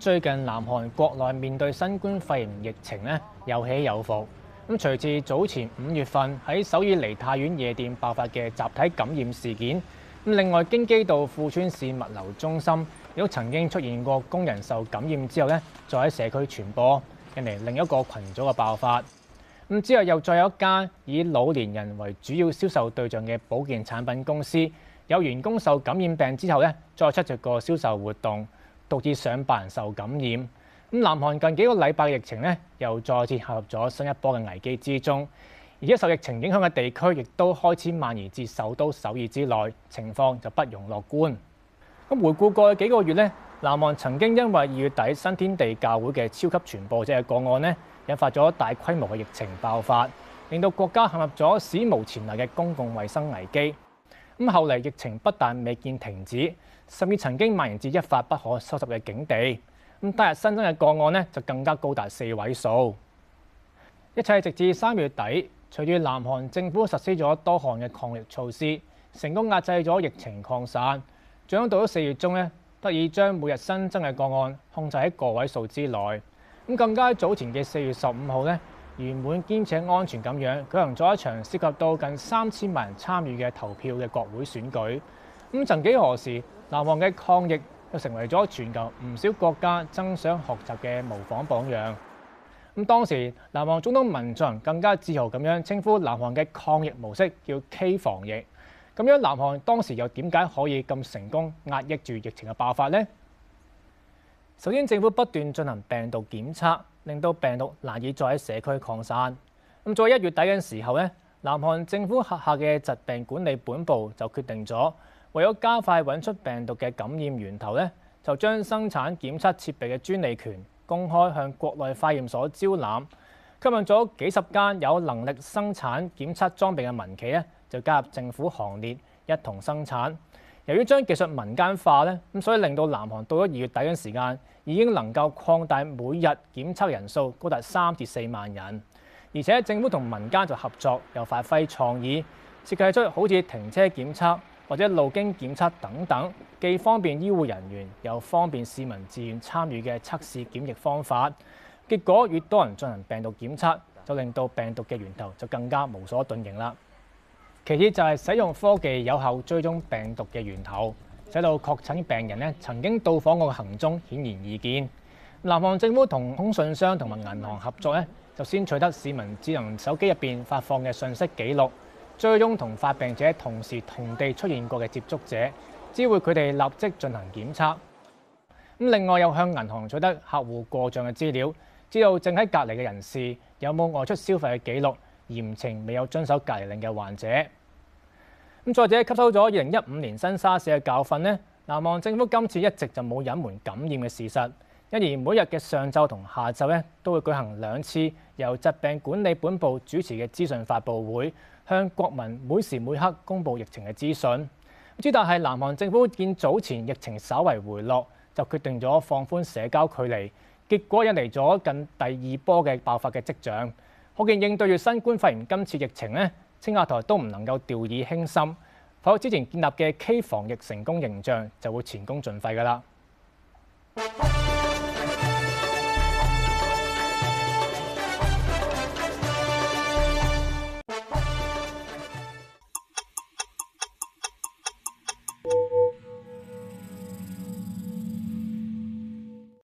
最近南韓國內面對新冠肺炎疫情呢，有起有伏。咁隨住早前五月份喺首爾梨泰院夜店爆發嘅集體感染事件，咁另外京畿道富川市物流中心亦都曾經出現過工人受感染之後呢，再喺社區傳播，引嚟另一個群組嘅爆發。咁之後又再有一間以老年人為主要銷售對象嘅保健產品公司，有員工受感染病之後呢，再出席過銷售活動。導致上百人受感染，咁南韓近幾個禮拜嘅疫情呢，又再次陷入咗新一波嘅危機之中，而且受疫情影響嘅地區亦都開始蔓延至首都首爾之內，情況就不容樂觀。咁回顧過去幾個月呢，南韓曾經因為二月底新天地教會嘅超級傳播者係個案呢，引發咗大規模嘅疫情爆發，令到國家陷入咗史無前例嘅公共衛生危機。咁後嚟疫情不但未見停止，甚至曾經蔓延至一發不可收拾嘅境地。咁當日新增嘅個案呢，就更加高達四位數。一切直至三月底，隨住南韓政府實施咗多項嘅抗疫措施，成功壓制咗疫情擴散。最終到咗四月中呢，得以將每日新增嘅個案控制喺個位數之內。咁更加早前嘅四月十五號呢，完滿兼且安全咁樣舉行咗一場涉及到近三千萬人參與嘅投票嘅國會選舉。咁曾幾何時，南韓嘅抗疫又成為咗全球唔少國家爭相學習嘅模仿榜樣。咁當時南韓總統文在寅更加自豪咁樣稱呼南韓嘅抗疫模式叫 K 防疫。咁樣南韓當時又點解可以咁成功壓抑住疫情嘅爆發呢？首先政府不斷進行病毒檢測。令到病毒難以再喺社區擴散。咁在一月底嘅時候呢，南韓政府轄下嘅疾病管理本部就決定咗，為咗加快揾出病毒嘅感染源頭呢，就將生產檢測設備嘅專利權公開向國內化驗所招攬，吸引咗幾十間有能力生產檢測裝備嘅民企呢，就加入政府行列一同生產。由於將技術民間化咧，咁所以令到南韓到咗二月底嘅時間已經能夠擴大每日檢測人數高達三至四萬人，而且政府同民間就合作，又發揮創意，設計出好似停車檢測或者路徑檢測等等，既方便醫護人員，又方便市民自願參與嘅測試檢疫方法。結果越多人進行病毒檢測，就令到病毒嘅源頭就更加無所遁形啦。其次就係使用科技有效追蹤病毒嘅源頭，使到確診病人咧曾經到訪過嘅行蹤顯然易見，南韓政府同通訊商同埋銀行合作咧，就先取得市民智能手機入邊發放嘅信息記錄，追蹤同發病者同時同地出現過嘅接觸者，知會佢哋立即進行檢測，咁另外又向銀行取得客戶過賬嘅資料，知道正喺隔離嘅人士有冇外出消費嘅記錄，嚴懲未有遵守隔離令嘅患者。咁，再者，吸收咗二零一五年新沙士嘅教訓，呢，南韓政府今次一直就冇隱瞞感染嘅事實，因而每日嘅上晝同下晝咧都會舉行兩次由疾病管理本部主持嘅資訊發布會，向國民每時每刻公布疫情嘅資訊。之但係，南韓政府見早前疫情稍為回落，就決定咗放寬社交距離，結果引嚟咗近第二波嘅爆發嘅跡象。可見應對住新冠肺炎今次疫情咧。青瓦台都唔能夠掉以輕心，否則之前建立嘅 K 防疫成功形象就會前功盡廢㗎啦。